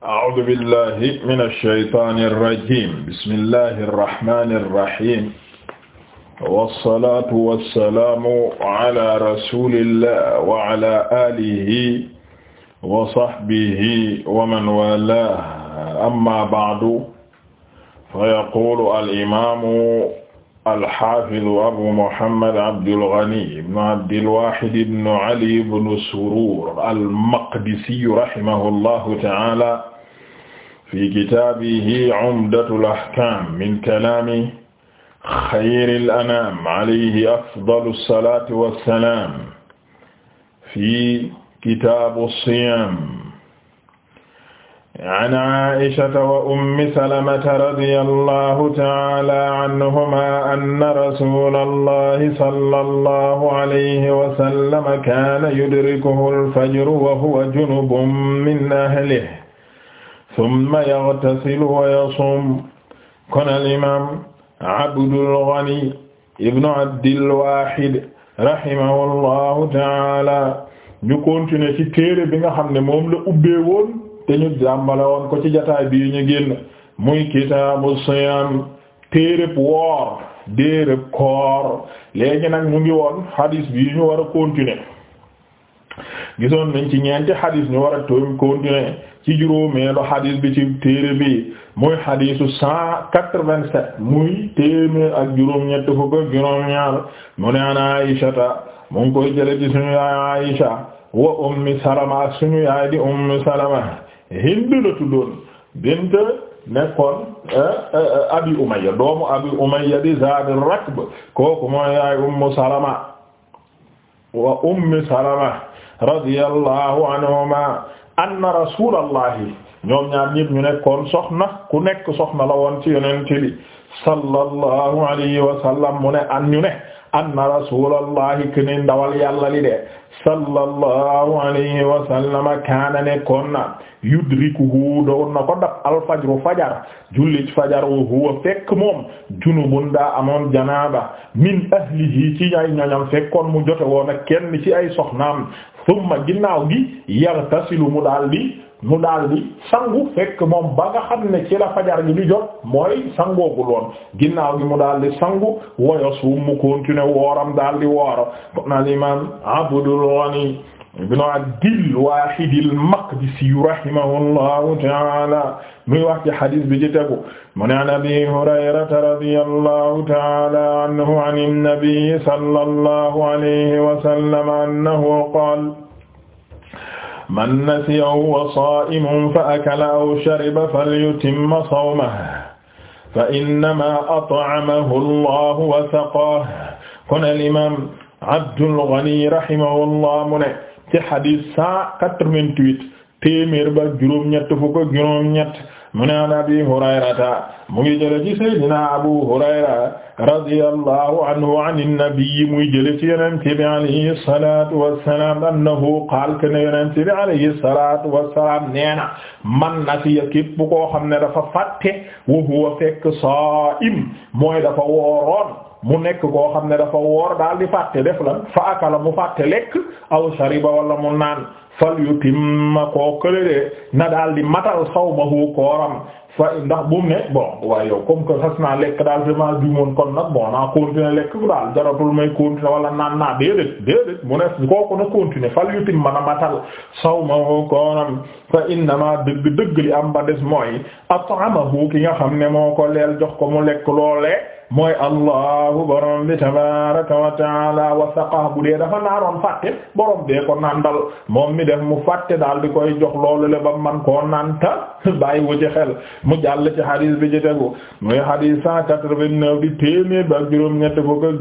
a'uudu billahi mina shaytaani rajiim bismillahi rahmaani rahiim wasalaatu wasalaamu ala rasulillah wa ala alihi wa sahbihi wa man walaahu amma ba'du fa yaquulu al imaamu alxafidu abu mohammad abdulgani ibnu abdilwahid ibnu ali ibnu surur almaqdisiyu rahimahu llahu taala fi kitaabihi cumdatul ahkaam min kalaami xayril anaam alayhi afdalu salaati wassalaam fi kitaabu siyaam an aishata wa ummi salamata radiyallahu ta'ala anhuma anna rasulallahi sallallahu alayhi wa sallam kaana yudrikuhu alfajru wa huwa junubun min ahlihi thumma yaghtasilu wa yasuum kon al-imaam Abdul Ghani ibnu Abdil Waahid rahimahullahu ta'ala ñu continuer ci téere bi nga xam ne moom la ubbee woon te ñu jàmbale woon ko ci jataay bii ñu génn muy kitaabu siyaam téereb woor déereb koor léegi nag ñu ngi woon hadis bii ñu war a continuer gisoon nañ ci ñeenti hadis ñu war a toom continuer ci juróomeelu hadis bi ci téere bi muy hadisu muy téeméer ak juróom-ñett fukk ak juróom-ñaar mu ne an Aysata mu ngi koy suñu yaay Aysa wa ummi Salama ak suñu yaay di ummi Salama Hind la tuddoon bint nekkoon eh, eh, Abi Umayya doomu Abi Umayya di Zaad rakb kooku mooy yaay Ummu Salama wa Ummi Salama radiyallahu anhuma anna rasulallahi ñoom ñaar ñépp ñu nekkoon soxna ku nekk soxna la woon ci yonent bi sallallahu alayhi wa sallam mu ne an ñu ne anna rasulallahi kene ndawal yàlla li de sallallahu alayhi wa kaana nekkoon na yudrikuhu doon na ko dab alfajru fajar jullit fajar wa huwa fekk moom junubun daa amoon janaaba min ahlihi ci ay ñoñam fekkoon mu jote woon ak ci ay soxnaam thumma ginnaaw gi yartasilu mu daal di mu daal di sangu fekk moom ba nga xam ne ci la fajar gi di jot mooy sangoogul woon ginnaaw gi mu daal di sangu woyos wu mu continué wooram daal di wooro kon al imam Abdul Ghani ibn Abdil Wahid al-Maqdisi rahimahullahu ta'ala muy wax ci hadis bi ci tegu mu ne an Abi Hurayrata radiyallahu ta'ala anhu an an-nabi sallallahu alayhi wa sallam annahu qaala man nasiyahu wa saa'imun fa akala aw shariba falyutimma sawmahu fa innamaa at'amahu Allahu wa saqaahu kon al-imaam Abdul Ghani rahimahullah mu ne ci xadiis cent quatre-vingt-huit téeméer ba juróom-ñett fukk ak juróom-ñett mu ne an abi hurayrata mu ngi jële ci sayyidina abu hurayra radiyallahu anhu an innabii muy jële ci yonente bi alayhi salatu wassalam annahu qaal kana yonente bi alayhi salatu wassalam neena man nasiya képp koo xam ne dafa fàtte wa huwa fekk saa'im mooy dafa wooroon mu nekk koo xam ne dafa woor daal di fàtte def la fa akala mu fàtte lekk aw shariba wala mu naan fal yu timma koo kële de na daal di matal saw ma fa ndax bu mu ne bon waaye yow comme que xas naa lekk daal kooram fa innama dëgg dëgg li am ba des mooy at'amahu ki nga xam ne moo ko leel jox ko mu lekk loolee. mooy allahu borom bi tabaraka wa taala wa bu dee dafa naaroon fàtte borom dee ko nandal moom mi def mu fàtte daal di koy jox loolu le ba man koo nanta bàyyi wu ci mu jàll ci hadis bi ci tegu mooy hadis cent quatre-vingt-neuf di téeméer ba juróom-ñett fukk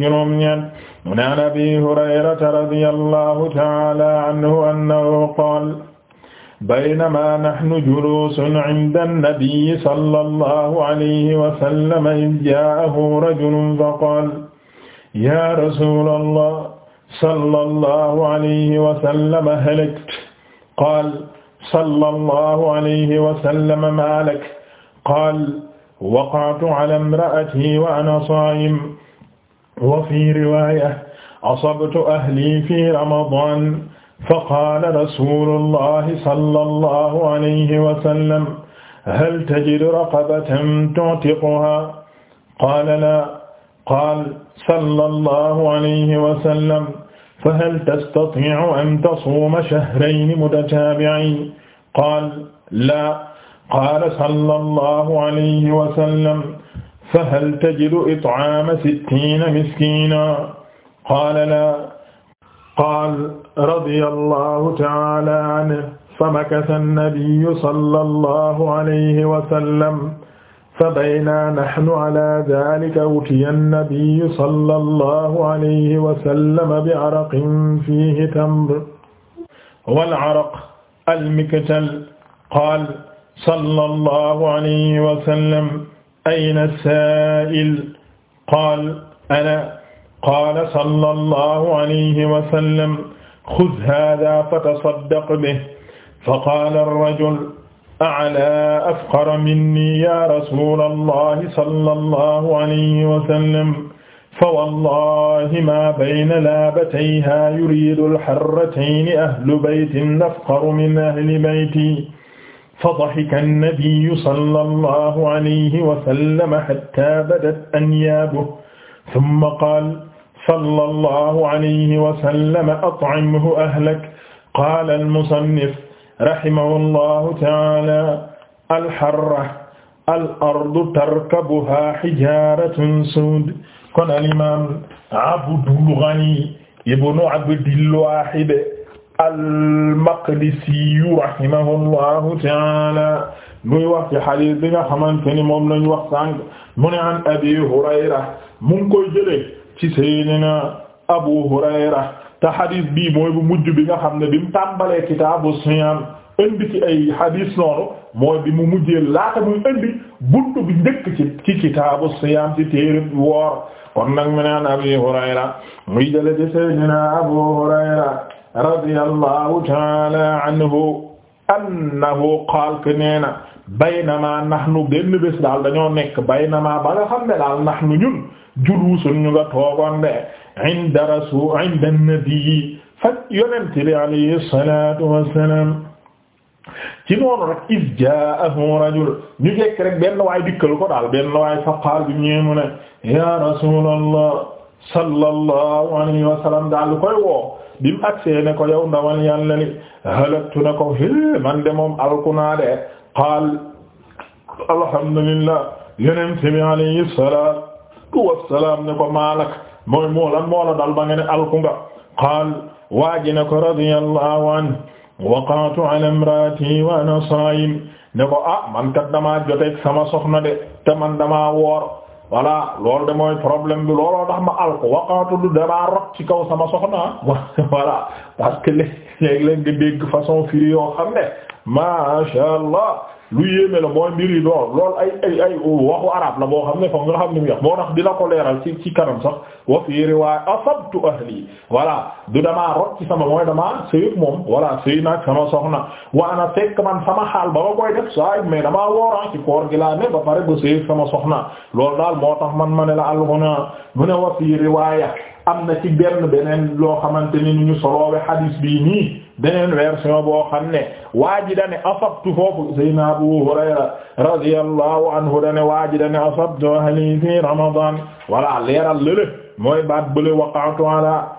ne an abi hurayrata radiyallahu taala anhu annahu qaala baynama nahnu juluusun inda nabiyyi sallallahu alayhi wa sallam iz jaa'ahu rajulun faqaala yaa rasuulallah sallallahu alayhi wa sallam halakta qaala sallallahu alayhi wa sallam maa laka qaala waqa'tu alaa imra'atii wa ana saa'im wa fii riwaaya asabtu ahlii fii ramadaan faqaala rasuulullahi sallallahu alayhi wa sallam hal tajidu raqabatan tu'tiquhaa qaala laa qaala sallallahu alayhi wa sallam fahal tastatii'u an tasuuma shahrayni mutataabi'ayni qaala laa qaala sallallahu alayhi wa sallam fahal tajidu it'aama sittiina miskiinan qaala laa qaal radiyallahu ta'ala anhu famakath an-nabiyyu sallallahu alayhi wa sallam fabayna nahnu ala dhalika utiya an-nabiyyu sallallahu alayhi wa sallam bi'araqin fihi tamr wal-'araq al-miktal qaal sallallahu alayhi wa sallam ayna as-sa'il qaal ana qaala sallallahu alayhi wa sallam xud haadaa fatasaddaq bihi faqaala ar-rajul a'laa afqara minnii yaa rasuulallahi sallallahu alayhi wa sallam fawallaahi maa bayna laabatayhaa yuriidu al-harratayni ahlu baytin afqaru min ahli baytii fadahika an-nabiyyu sallallahu alayhi wa sallam hattaa badat anyaabuhu thumma qaala sallallahu alayhi wa sallam at'imhu ahlak qaala al-musannif rahimahullahu ta'ala al-harra al-ardu tarkabuha hijaratun suud kon al-imaam Abdul Ghani ibnu Abdil Waahid al-Maqdisi rahimahullahu ta'ala muy wax ci hadiis bi nga xamante ni moom lañ wax sànq mu ne an Abi Hurayra mu ngi koy jëlee ci Seydina Abu Hurayra te hadith bii mooy bu mujj bi nga xam ne bi mu tàmbalee kitaabu siyaam indi ci ay hadith noonu mooy bi mu mujjee laata muy indi buntu bi njëkk ci kitaabu siyaam ci téere woor kon nag mu naan Abi Hurayra muy jële ci Seydina Abu Hurayra radiyallahu ta'ala anhu annahu qaal ke nee na baynama nahnu benn bés daal dañoo nekk baynama ba nga xam ne daal nahnu ñun juluusun ñu nga toogoon de inda rasul inda nabii fa yonent bi alayhi salatu wassalam ci noonu rek iz jaahu rajul ñu fekk rek benn waay dikkal ko daal benn waay faqaal bi ñeemu ne ya rasulallah sallallahu alayhi wa sallam daal koy woo bim agsee ne ko yow ndawal yàlla li halaktu na ko hé man de moom alkunaa de qaal alhamdulillah yonent bi alayhi salaat wasalaam ne ko maalak mooy moo lan moo la dal ba nga ne alku nga qaal waa ji ne ko radiyallahu an waqaatu ala imraati wa ana saayim ne ko ah man kat damaa joteeg sama soxna de te man damaa woor voilà loolu de mooy problème bi looloo tax ma alku waqaatu du damaa rot ci kaw sama soxna voilà parce que léeg-léeg nga dégg façon firi yoo xam ne masha Allah lu yéeme la mooy mbir door lool ay ay ay waxu arab la boo xam ne foog nga xam ne mu yax moo tax dina ko leeral ci ci kanam sax wa fi riwaaya asabtu ahli voilà du damaa rot ci sama mooy damaa sëy moom voilà wa ana fekk man sama xaal ba ma koy def saa mais damaa wooran ci koor gi laa ne ba pare ba sëy sama soxna loolu daal moo tax man ma ne la alxuna mu ne wa fi riwaaya am na ci benn beneen loo xamante ni ñu soloowe hadis bii nii beneen version boo xam ne waa ji dane asabtu foofu sayna Abu Hurayra radiyallahu anhu dane waa ji dane asabtu fi ramadan wala leeral lële mooy baat bële waqa'tu ala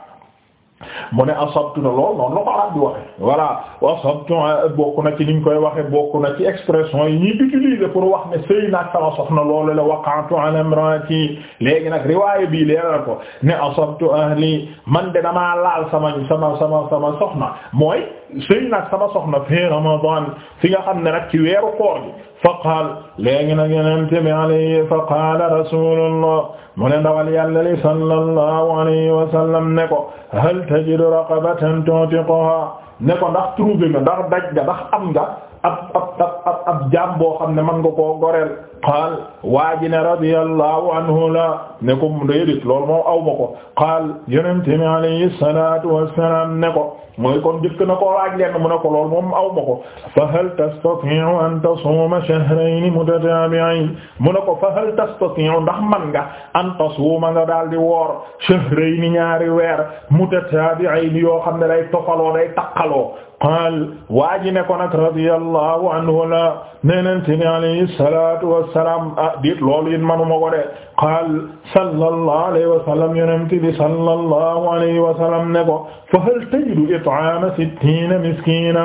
mu ne asabtu na lool noonu la ko arab bi waxe voilà asabtu bokk na ci niñ koy waxe bokku na ci expression yi ñuy utiliser pour wax ne sëy naag sama soxna loolu la waqa'tu an ci léegi nag riwaaya bii leeral ko ne asabtu ahli man de damaa laal sama sama sama sama na mooy sëy nag sama soxna fi ramadan fi nga xam ne nag ci weeru koor gi fa qaal léegi nag yenente bi alayhi fa qaala rasulullah mu ne ndawal yàlla li sallallahu alayhi wa sallam ne ko hal tajidu raqabatan tuntiquha ne ko ndax trouvé nga ndax daj nga ndax am nga ab ab ab ab jaam boo xam ne man nga koo goreel qaal waa ji ne radiyallahu anhu la ne ko déedéet loolu moom aw ma ko qaal yonent mi alayhi salaatu wassalaam ne ko mooy kon njëkk na koo laaj leen mu ne ko lool moom aw ma ko fa hal tastati'u an tasuuma shahrayni mutataabi'ayn mu ne ko fa hal tastati'u ndax man nga an tasuuma nga daal di woor shahrayni ñaari weer mutataabi'ayn yoo xam ne day tofaloo day taqaloo qaal waa ji ne ko nag radiyallahu anhu la nee nañ ci alayhi salaatu wa salaam ah diit loolu it manuma ko qaal sallallahu alayhi wa sallam yonent bi sallallahu alayhi wa sallam ne ko fa hal tajidu it'aama sittiina miskiina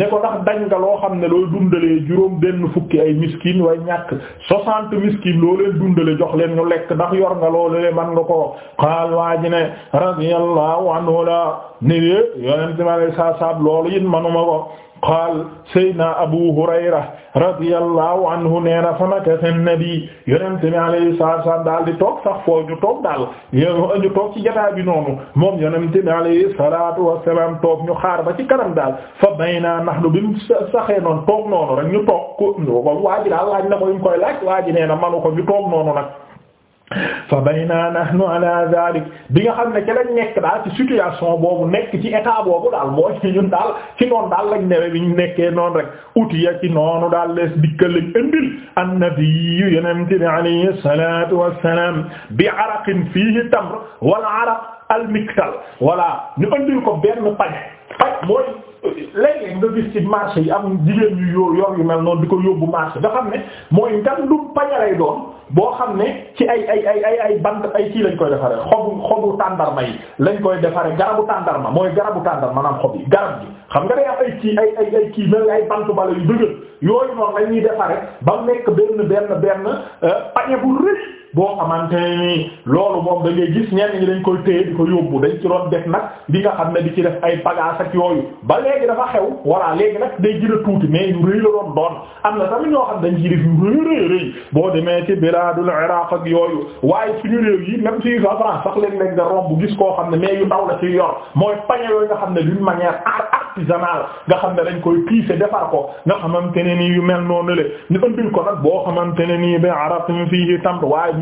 ne ko ndax dañ nga loo xam ne looy dundalee juróom benn fukki ay miskiin way ñàkk soixante miskiin loo leen dundale jox leen ñu lekk ndax yor nga loolu lee man nga ko qaal waa ji ne radiyallahu anhu la ne yonent bi alayhi salaam loolu it manuma ko qaal Seydina Abu Hurayra radiyallahu anhu nee na fa makatha an-nabi yonent bi alayhi salaam daal di toog sax foo ñu toog daal ñoo ñu toog ci jotaay bi noonu moom yonente bi alayhi salaatu wassalaam toog ñu xaar ba ci kanam daal fa baynaa nahnu bi mu saxee noonu toog noonu rek ñu toog ko waa ji daal laaj na ko ñu koy laaj waa ji nee na manu ko ñu toog noonu nag fa baynaa nahnu ala zalik bi nga xam ne ca lañ nekk daal ci situation boobu nekk ci état boobu daal mooy ñun daal ci noonu daal lañ newe bi ñu nekkee noonu rek utiya ci noonu daal lees dikkal lañ indil annabiyu yenente bi alayhi salatu wassalam bi araqin fiihi tamr wal araq almiktal voilà ñu andil ko benn pañ pañ mooy léeg-léeg nga gis ci marché yi am jigéen yu yor yor yu mel noonu di ko yóbbu marché nga xam ne mooy ngan du paña lay doon boo xam ne ci ay ay ay ay ay band ay kii lañ koy defaree xobu xobu tàndarma yi lañ koy defaree garabu tàndarma mooy garabu tàndarma maanaam xob yi garab gi xam nga day am ay kii ay ay ay kii mel ay bant bala yu dëgër yooyu noonu la ñuy defaree ba mu nekk benn benn benn euh, pañe bu rëy boo xamante ne nii loolu moom da ngay gis ñenn ñi dañ koy téye di ko yóbbu dañ ci doon def nag li nga xam ne di ci def ay bagages ak yooyu ba léegi dafa xew voilà léegi nag day gën tuuti mais yu rëy la doon doon am na tamit ñoo xam dañ ci def yu rëy rëy boo demee ci bilaadul Iraq ak yooyu waaye suñu réew yi même si sa France sax léeg-léeg nga romb gis koo xam ne mais yu ndaw la ci yor mooy pañe yooyu nga xam ne d'une manière artisanale nga xam ne dañ koy piise defar ko nga xamante ne nii yu mel noonu le ñu ëndil ko boo xamante ne nii ba arab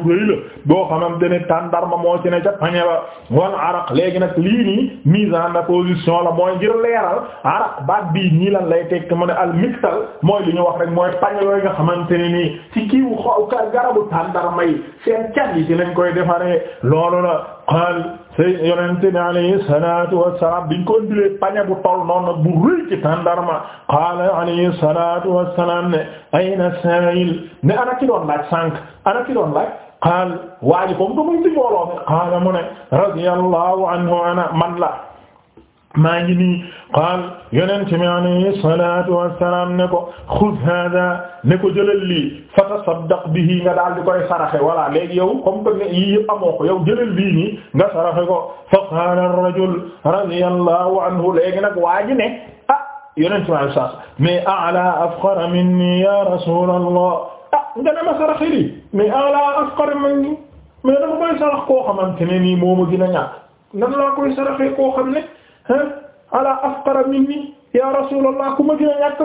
rëy la boo xamante ne tàndarma moo ci ne pañe ba wal araq léegi nag lii nii mise en position la mooy ngir leeral araq baat bii ñii lan lay tekk mu ne al mixtal mooy li ñu wax rek mooy pañe yooyu nga xamante ne nii ci kiiwu garabu tàndarma yi seen cat yi ci lañ koy defaree loolu la xaal say yonente bi alayhi salatu wassalam biñ ko ndilee pañe bu toll noonu nag bu rëy ci tàndarma qaala alayhi salatu wassalam ne ayna sa'il ne ana ki qaal waa ji comme que mu ngi ci mbooloo mi qaala mu ne radiyallahu anhu ana man la maa ngi nii qaal yonent mi alayhi salaatu wassalaam ne ko xud hada ne ko jëlal lii fatasaddaq bihi nga daal di koy saraxe voilà léegi yow comme que yii yëpp amoo ko yow jëlal lii nii nga saraxe ko fa qaala ar-rajul radiyallahu anhu léegi nag waa ji ne ah yonent mi alayhi salaam mais a'la afqara minni ya rasulallah ah nga ne ma sarax lii mais ala ah, asqar minni mais dama koy koo xamante ne nii moom a gën a laa koy saraxee koo xam ne ala asqar minni ya rasulallah ku ma gën a ñàkk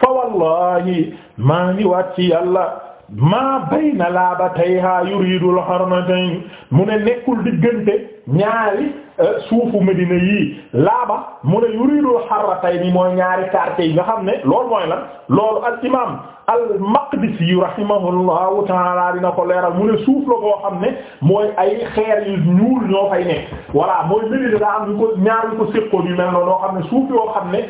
fa wallahi maa ngi waat ci yàlla maa bayna laabatayha yuridul harnatayn mu ne nekkul diggante ñaari suufu Medina yii laaba mu ne yuridul harratayni mooy ñaari quartier yi nga xam ne loolu mooy lan loolu al imam al maqdisi rahimahullahu taala dina ko leeral mu ne suuf la koo xam ne mooy ay xeer yu ñuul ñoo fay nekk voilà mooy Medina daa am ñu ko ñaar ko séqoon mel noonu loo xam ne suuf yoo xam ne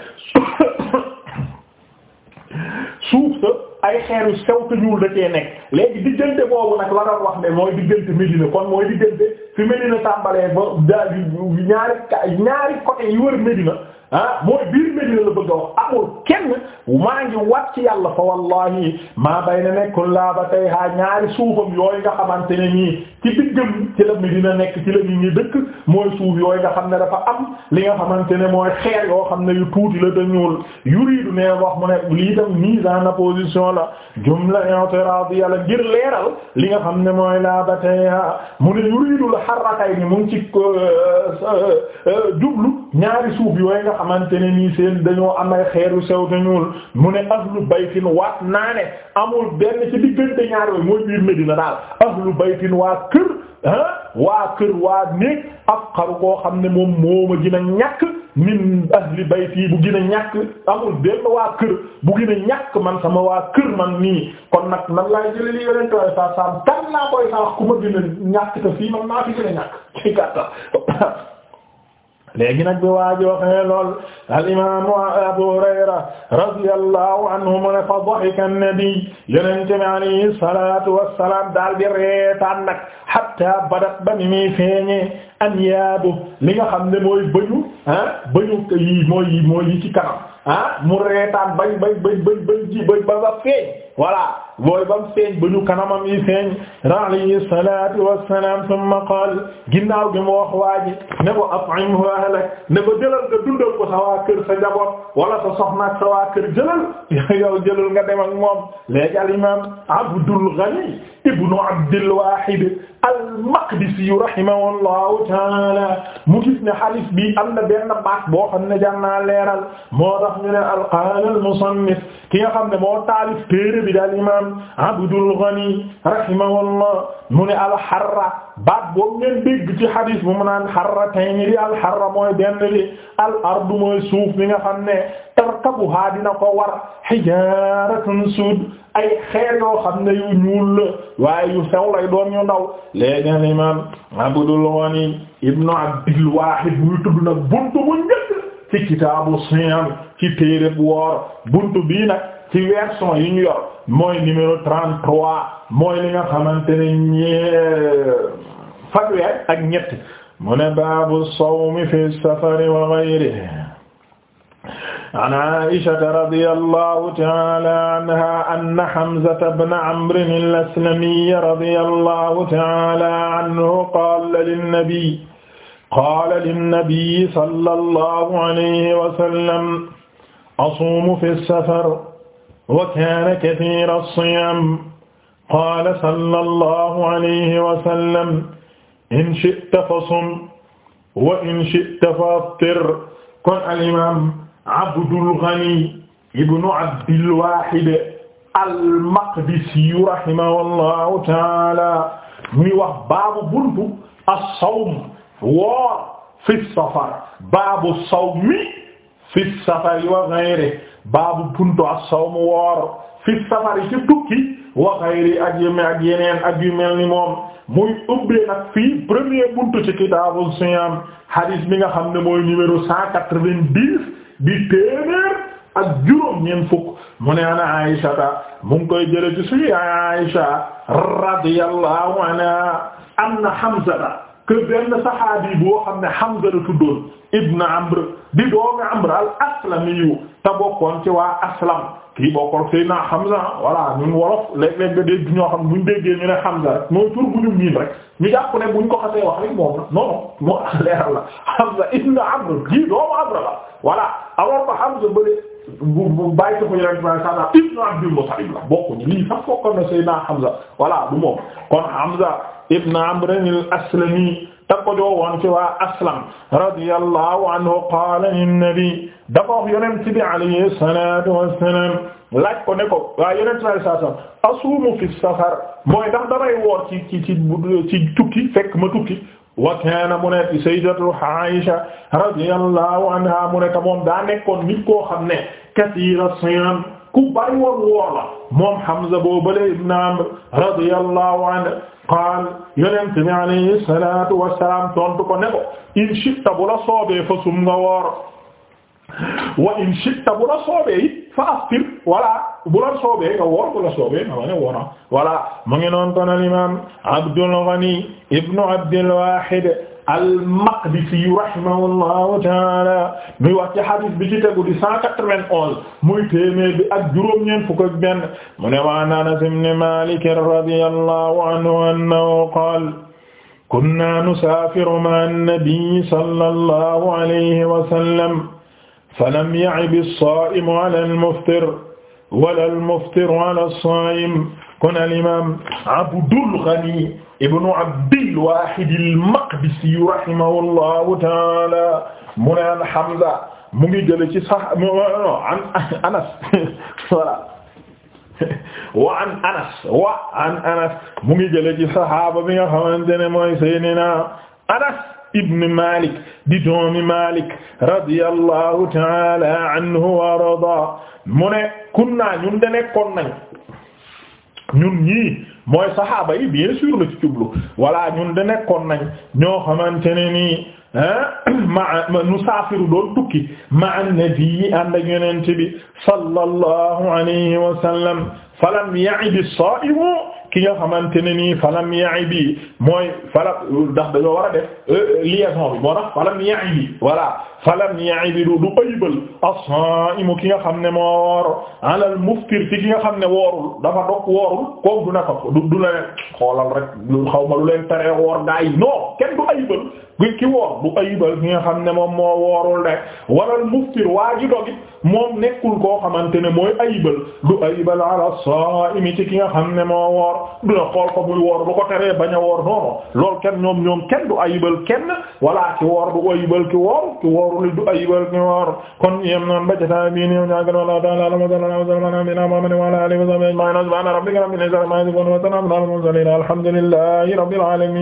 suuf sa ay xeeru sew te ñuul da cee nekk léegi diggante boobu nag la doon wax ne mooy diggante Médina kon mooy diggante fi Médina tàmbalee ba daal ñaari ñaari côté yu wër Médina ah mooy biir Médina la bëgg a wax amul kenn maa ngi wat ci yàlla fa wallahi maa bay na nekkul laa ba tey ha ñaari suufam yooy nga xamante ne nii ci diggam ci la mi dina nekk ci la nit ñi dëkk mooy suuf yooyu nga xam ne dafa am li nga xamante ne mooy xeer yoo xam ne yu tuuti la te ñuul yuridu ne wax mu ne lii tam mise en opposition la jumla i'tiradiya la li nga xam ne mooy laa ba tey mu mu ngi ci euh, euh, euh, jublu ñaari suuf yooyu nga xamante ne nii seen dañoo am xeer yu sew te ñuul mu ne ahlu baytin waat naa ne amul benn ci diggante ñaar yooyu mooy biir Medina daal ahlu baytin waa kër ah waa kër waa néeg afqaru koo xam ne moom mooma gën a ñàkk min ahli bayti bu gën a ñàkk amul benn waa kër bu gën a ñàkk man sama waa kër man nii kon nag nan laay jëlee li yonent waaye saa saam kan laa koy saa ku ma gën a te fii man maa fi gën a léegi nag bi waaji waxee lool al imaamu Abu Hurayra radiyallahu anhu mu ne fa dahika an-nabi yonent bi alayhi salaatu wassalaam daal di reetaan nag hatta badat ba ni muy feeñee anyaadu li nga xam ne mooy bëñu ah bëñu yi mooy mooy yi ci kanam ah mu reetaan bañ bañ bañ bañ bañ ji bañ ba ba feeñ voilà mooy ba mu feeñ ba ñu kanamam yi feeñ alayhi salaatu wassalaam summa qaal ginnaaw gi mu wax waa ji ne ko at'imhu ahlak ne ko jëlal nga dundal ko sa waa kër sa njaboot wala sa soxna ak sa waa kër jëlal yow jëlal nga dem ak moom léegi al imaam Abdul Ghani ibnu Abdul Wahid al-Maqdisi rahimahullahu taala mu gis ne hadith bi am na benn baat boo xam ne jar naa leeral moo tax ñu ne alqaala al-musannif ki nga xam ne moo taalif téere bi daal imaam imam Abdul Ghani rahimahullah mu ne alxarra baat boobu ngeen dégg ci xadis bu mu naan xarratayni li alxarra mooy benn li al ardu mooy suuf bi nga xam ne tarkabuha dina ko war xijaaratun suud ay xeer yoo xam ne yu ñuul la waaye yu sew lay doon ñu ndaw léegi al imam Abdul Ghani ibnu Abdil Wahid muy tudd nag buntu bu njëkk ci kitaabu siyam ci téere bu woor buntu bii nag ci version yi ñu yor mooy numéro 33 mooy li nga xamante ne ñee fanweer ak ñett mu ne baabu sawmi fi safari wa ghayrihi an aishata radiyallahu ta'ala anha anna hamzata ibn amr al-aslami radiyallahu ta'ala anhu qala lin-nabi qaala lin-nabi sallallahu alayhi wa sallam asuumu fi safar wa kaana kasiira as-siyaam qaala sallallahu alayhi wa sallam in shi'ta fasum wa in shi'ta faftir kon al-imaam Abdul Ghani ibn Abdil Waahid al-Maqdisi rahimahullahu ta'aala muy wax baabu buntu as-sawm wa fi safar baabu sawmi fi safar wa ghayrihi baabu punto as-sawm woor fi safari ci tukki wa xayri ak yu ak yeneen ak yu mel ni moom muy ubbee nag fii premier buntu ci kitaabu siyam hadis bi nga xam ne mooy numéro cent quatre-vingt-dix bi téeméer ak juróom ñeent fukk mu ne ana Aisha ta mu ngi koy jële ci suñu Aisha radiyallahu anha anna Hamza que benn saxaabi boo xam ne Hamza la tuddoon Ibn Amr di doomi Amr al-Aslami te bokkoon ci waa Aslam kii bokkoon Seyna Hamza voilà ñun wolof léeg-léeg nga dégg ñoo xam ne buñ déggee ñu ne Hamza rek mooy tur bu ñu miin rek ñu jàpp ne buñ wax rek moom la non moo leeral la Hamza Ibn Amr kii doomu Amr la voilà Hamza bële bu bu bàyyi ko ñu rek ba sana Ibn Abdul Muttalib la bokkuñu lii Hamza ibn Amr al-Aslami te ko joowoon ci waa Aslam radiyallahu anhu qaala lin-nabi dafa wax yonent bi alayhi salaatu wassalaam laaj ko ne ko waa yonent bi saa saam asuumu fi safar mooy ndax damay woor ci ci ci ci tukki fekk ma tukki. wa kaana mu ne sayyidatu Aisha radiyallahu anha mu ne te moom daa nekkoon nit koo xam ne kasiira siyaam ku bari woon woor la moom Hamza boobale ibn Amr radiyallahu anhu qaal yonent bi alayhi salatu wasalaam tontu ko ne ko in shi'ta bu la soobee fa sum nga woor wa in shi'ta bu la soobee it fa aftir voilà bu la soobee nga woor bu la soobee nga ne woor voilà mu ngi noon al Ghani ibn Abdul Wahid al-Maqdisi rahimahullahu ta'ala muy wax ci hadith bi ci tegu di 191 muy téeméer bi ak juróom-ñeent fukk ak benn mu ne wa an Anas ibn Malik radiyallahu anhu annahu qala kunna nusafiru ma'a an-nabi sallallahu alayhi wa sallam falam ya'ib as-sa'imu ala al-muftir wala al-muftiru ala as-sa'im kon al imaam Abdul Ghani ibnu Abdil Waahid al-Maqdisi rahimahullahu ta'ala mu ne an Hamza mu ngi jële ci sax an Anas voilà wa an Anas wa an Anas mu ngi jële ci saxaaba bi nga xamante ne mooy Seydina Anas ibn Malik di doomi Malik radiyallahu ta'ala anhu wa arda mu ne kunna ñun de nekkoon nañ ñun ñii mooy saxaaba yi bien sûr la ci jublu ñun de nekkoon nañ ñoo xamante ne nii ma nusaafiru doon tukki ma an nabi ànd ak yonent bi sallallahu alayhi wa sallam falam ya'ib as-sa'im ki nga xamante ne nii falam bi mooy falam ndax dañoo war a euh, euh, bi moo tax falam ya'ib voilà falam ya'ib du du ayibal as-sa'im ki nga xam ne moo woor ala al-muftir ci ki nga xam ne woorul dafa dog woorul kooku du na ko du la leen xoolal xaw ma lu leen teree woor gaa nga xam ne moom moo woorul de wala al-muftir waa ji dogit nekkul koo xamante ne mooy ayibal du ayibal ala saa'imi ci ki nga xam ne moo woor dina xool ko muy woor bu ko teree bañ a woor noonu loolu kenn ñoom ñoom kenn du ayibal kenn walla ci woor du ayibal ki woor ki wooru li du ayibal ki woor kon yem noon ba jotaay bii nii ñaa gën wallahu ta'ala a'lam wa sallallahu ala muhammadin wa ala alihi wa sahbihi ajma'in subhana rabbika rabbil izzati amma yasifun wa salamun ala al mursalin alhamdulillahi rabbil alamin